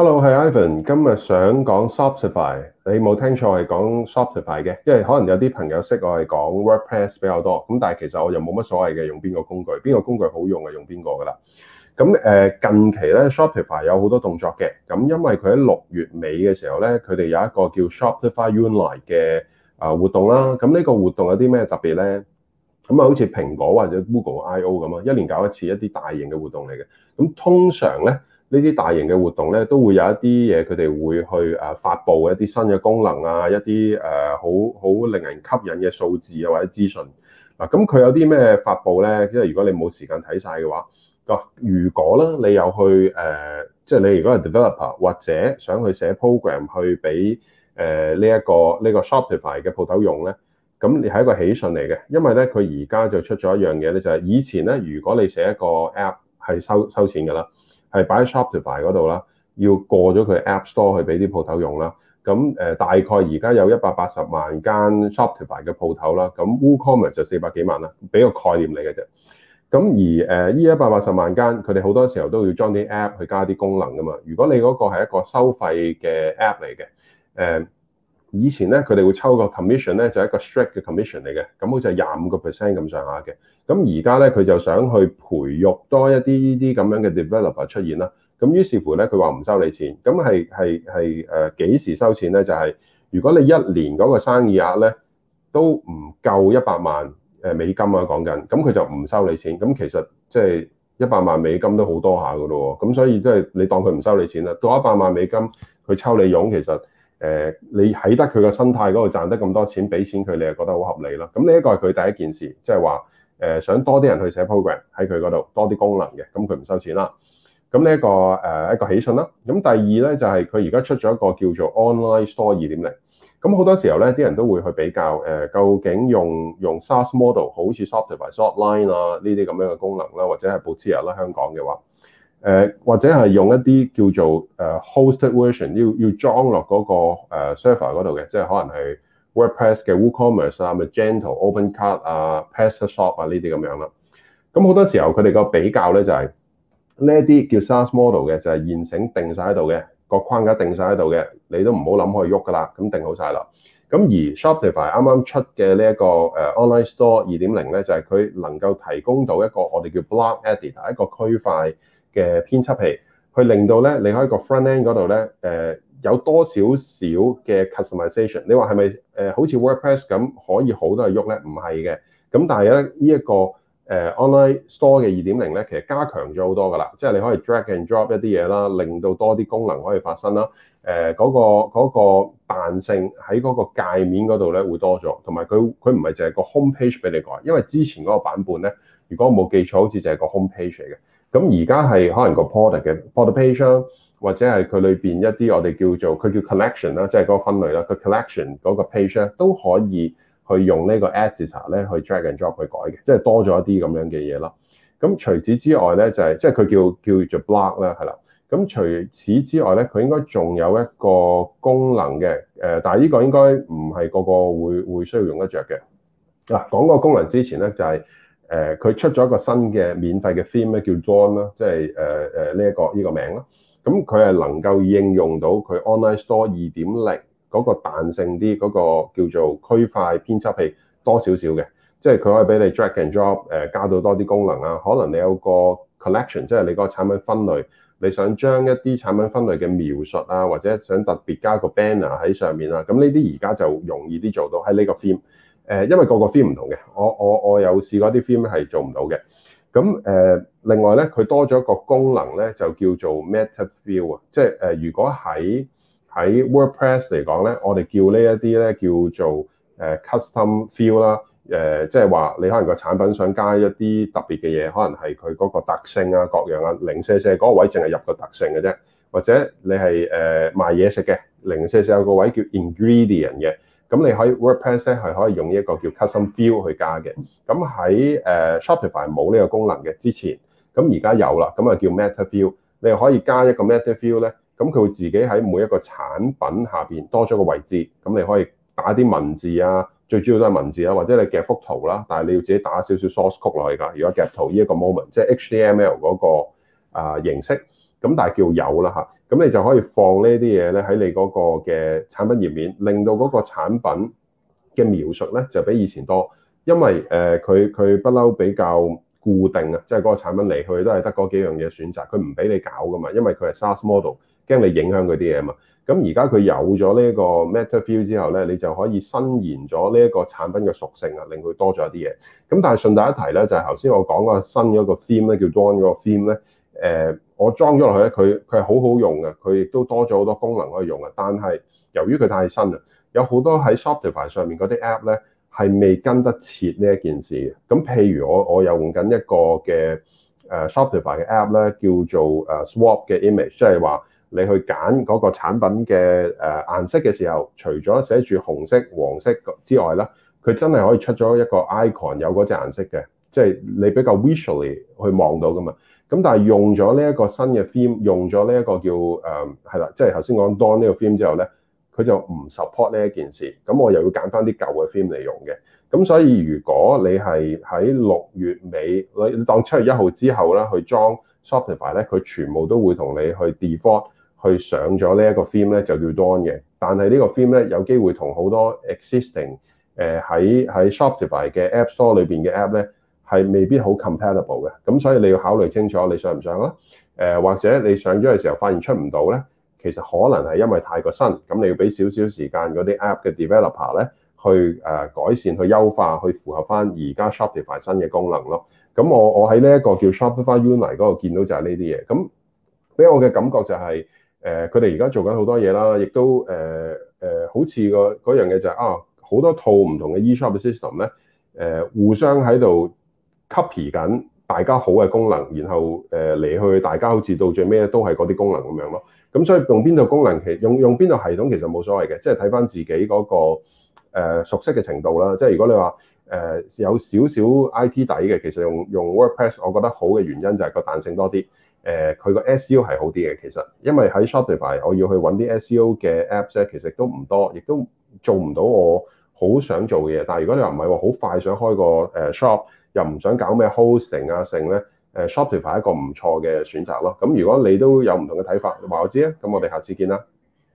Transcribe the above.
Hello，係 Ivan，今日想講 Shopify，你冇聽錯，係講 Shopify 嘅，因為可能有啲朋友識我係講 WordPress 比較多，咁但係其實我又冇乜所謂嘅，用邊個工具，邊個工具好用就用邊個㗎喇。咁誒近期咧 Shopify 有好多動作嘅，咁因為佢喺六月尾嘅時候咧，佢哋有一個叫 Shopify Unite 嘅啊活動啦。咁呢個活動有啲咩特別咧？咁啊，好似蘋果或者 Google I/O 咁啊，一年搞一次一啲大型嘅活動嚟嘅。咁通常咧。呢啲大型嘅活動咧，都會有一啲嘢，佢哋會去誒發佈一啲新嘅功能啊，一啲誒好好令人吸引嘅數字啊，或者資訊嗱。咁佢有啲咩發佈咧？因為如果你冇時間睇晒嘅話，咁如果咧，你有去誒，即、呃、係、就是、你如果係 developer 或者想去寫 program 去俾誒、呃這個這個、呢一個呢個 Shopify 嘅鋪頭用咧，咁你係一個喜訊嚟嘅，因為咧佢而家就出咗一樣嘢咧，就係、是、以前咧，如果你寫一個 app 係收收錢㗎啦。係擺喺 Shopify 嗰度啦，要過咗佢 App Store 去俾啲鋪頭用啦。咁誒大概而家有一百八十萬間 Shopify 嘅鋪頭啦，咁 WooCommerce 就四百幾萬啦，俾個概念嚟嘅啫。咁而誒呢一百八十萬間，佢哋好多時候都要裝啲 App 去加啲功能噶嘛。如果你嗰個係一個收費嘅 App 嚟嘅，誒。以前咧，佢哋會抽個 commission 咧，就係一個 strict 嘅 commission 嚟嘅，咁好似係廿五個 percent 咁上下嘅。咁而家咧，佢就想去培育多一啲呢啲咁樣嘅 developer 出現啦。咁於是乎咧，佢話唔收你錢。咁係係係誒幾時收錢咧？就係、是、如果你一年嗰個生意額咧都唔夠一百萬誒美金啊，講緊咁佢就唔收你錢。咁其實即係一百萬美金都好多下噶咯。咁所以即係你當佢唔收你錢啦。到一百萬美金佢抽你傭，其實～誒、呃，你喺得佢個生態嗰度賺得咁多錢，俾錢佢，你又覺得好合理咯。咁呢一個係佢第一件事，即係話誒想多啲人去寫 program 喺佢嗰度多啲功能嘅，咁佢唔收錢啦。咁呢、這個呃、一個誒一個喜訊啦。咁第二咧，就係佢而家出咗一個叫做 Online Store 二點零。咁好多時候咧，啲人都會去比較誒、呃，究竟用用 SaaS model 好似 Shopify、Shopline 啊呢啲咁樣嘅功能啦，或者係 Boutir 啦，香港嘅話。誒、uh，或者係用一啲叫做誒、uh, hosted version，要要裝落嗰、那個、uh, server 嗰度嘅，即係可能係 WordPress 嘅 WooCommerce 啊，咁 Magento OpenCart 啊 PrestaShop 啊呢啲咁樣啦。咁好多時候佢哋個比較咧就係呢啲叫 SaaS model 嘅就係、是、現成定晒喺度嘅個框架定晒喺度嘅，你都唔好諗可以喐噶啦，咁定好晒啦。咁而 Shopify 啱啱出嘅呢一個誒 online store 二點零咧就係、是、佢能夠提供到一個我哋叫 block editor 一個區塊嘅編輯器，去令到咧你可以個 front end 嗰度咧，誒有多少少嘅 customization，你話係咪誒好似 WordPress 咁可以好多嘢喐咧？唔係嘅，咁但係咧呢一個誒 online store 嘅二點零咧，其實加強咗好多噶啦，即係你可以 drag and drop 一啲嘢啦，令到多啲功能可以發生啦。誒嗰個嗰個彈性喺嗰個界面嗰度咧會多咗，同埋佢佢唔係淨係個 home page 俾你改，因為之前嗰個版本咧，如果我冇記錯，好似就係個 home page 嚟嘅。咁而家係可能個 product 嘅 product page 啦、啊，或者係佢裏邊一啲我哋叫做佢叫 collection 啦，即係嗰個分類啦，佢 collection 嗰個 page 咧、啊、都可以去用個呢個 editor 咧去 drag and drop 去改嘅，即係多咗一啲咁樣嘅嘢咯。咁除此之外咧就係、是、即係佢叫叫做 block 啦，係啦。咁除此之外咧，佢應該仲有一個功能嘅，誒、呃，但係呢個應該唔係個個會會需要用得着嘅。嗱、啊，講個功能之前咧就係、是。誒，佢出咗一個新嘅免費嘅 theme 咧，叫 Dawn 啦，即係誒誒呢一個呢個名咯。咁佢係能夠應用到佢 Online Store 二點零嗰個彈性啲嗰個叫做區塊編輯器多少少嘅，即係佢可以俾你 drag and drop 誒加到多啲功能啊。可能你有個 collection，即係你個產品分類，你想將一啲產品分類嘅描述啊，或者想特別加個 banner 喺上面啊，咁呢啲而家就容易啲做到喺呢個 theme。誒，因為個個 theme 唔同嘅，我我我有試過啲 theme 係做唔到嘅。咁誒、呃，另外咧，佢多咗一個功能咧，就叫做 meta field 啊。即係誒，如果喺喺 WordPress 嚟講咧，我哋叫呢一啲咧叫做誒 custom field 啦、呃。誒，即係話你可能個產品想加一啲特別嘅嘢，可能係佢嗰個特性啊，各樣啊，零四四嗰個位淨係入個特性嘅啫。或者你係誒、呃、賣嘢食嘅，零四四有個位叫 ingredient 嘅。咁你可以 WordPress 咧係可以用一個叫 Custom Field 去加嘅。咁喺誒 Shopify 冇呢個功能嘅之前，咁而家有啦。咁啊叫 Meta Field，你又可以加一個 Meta Field 咧。咁佢會自己喺每一個產品下邊多咗個位置。咁你可以打啲文字啊，最主要都係文字啊，或者你夾幅圖啦、啊，但係你要自己打少少 source code 落去㗎。如果夾圖呢一個 moment，即係 HTML 嗰、嗰個啊、呃、形式。咁但係叫有啦嚇，咁你就可以放呢啲嘢咧喺你嗰個嘅產品頁面，令到嗰個產品嘅描述咧就比以前多，因為誒佢佢不嬲比較固定啊，即係嗰個產品嚟去都係得嗰幾樣嘢選擇，佢唔俾你搞噶嘛，因為佢係 SaaS model，驚你影響佢啲嘢嘛。咁而家佢有咗呢個 Metafield 之後咧，你就可以伸延咗呢一個產品嘅屬性啊，令佢多咗一啲嘢。咁但係順帶一提咧，就係頭先我講嗰個新嗰個 Theme 咧，叫 Dawn 嗰個 Theme 咧。誒，uh, 我裝咗落去咧，佢佢係好好用嘅，佢亦都多咗好多功能可以用㗎。但係由於佢太新啦，有好多喺 Shopify 上面嗰啲 App 咧，係未跟得切呢一件事。咁譬如我我有用緊一個嘅誒 Shopify 嘅 App 咧，叫做誒 Swap 嘅 Image，即係話你去揀嗰個產品嘅誒顏色嘅時候，除咗寫住紅色、黃色之外咧，佢真係可以出咗一個 icon 有嗰隻顏色嘅。即係你比較 visually 去望到噶嘛，咁但係用咗呢一個新嘅 theme，用咗呢一個叫誒係啦，即係頭先講 Dawn 呢個 theme 之後咧，佢就唔 support 呢一件事，咁我又要揀返啲舊嘅 theme 嚟用嘅，咁所以如果你係喺六月尾，你當七月一號之後咧去裝 Shopify 咧，佢全部都會同你去 default 去上咗呢一個 theme 咧，就叫 Dawn 嘅，但係呢個 theme 咧有機會同好多 existing 誒喺喺 Shopify 嘅 App Store 裏邊嘅 app 咧，係未必好 compatible 嘅，咁所以你要考慮清楚你上唔上啦。誒、呃、或者你上咗嘅時候發現出唔到咧，其實可能係因為太過新，咁你要俾少少時間嗰啲 app 嘅 developer 咧去誒、呃、改善、去優化、去符合翻而家 Shopify 新嘅功能咯。咁我我喺呢一個叫 Shopify Unite 嗰度見到就係呢啲嘢，咁俾我嘅感覺就係誒佢哋而家做緊好多嘢啦，亦都誒誒、呃呃、好似個嗰樣嘅就係、是、啊好多套唔同嘅 eShop system 咧誒、呃、互相喺度。copy 緊大家好嘅功能，然後誒嚟、呃、去大家好似到最尾咧都係嗰啲功能咁樣咯。咁所以用邊度功能其用用邊度系統其實冇所謂嘅，即係睇翻自己嗰、那個、呃、熟悉嘅程度啦。即係如果你話誒、呃、有少少 IT 底嘅，其實用用 WordPress 我覺得好嘅原因就係個彈性多啲。誒、呃、佢個 SEO 係好啲嘅，其實因為喺 Shopify 我要去揾啲 SEO 嘅 Apps 咧，其實都唔多亦都。做唔到我好想做嘅嘢，但如果你又唔係話好快想開個 shop，又唔想搞咩 hosting 啊剩咧，誒 Shopify 係一個唔錯嘅選擇咯。咁如果你都有唔同嘅睇法，話我知啊，咁我哋下次見啦。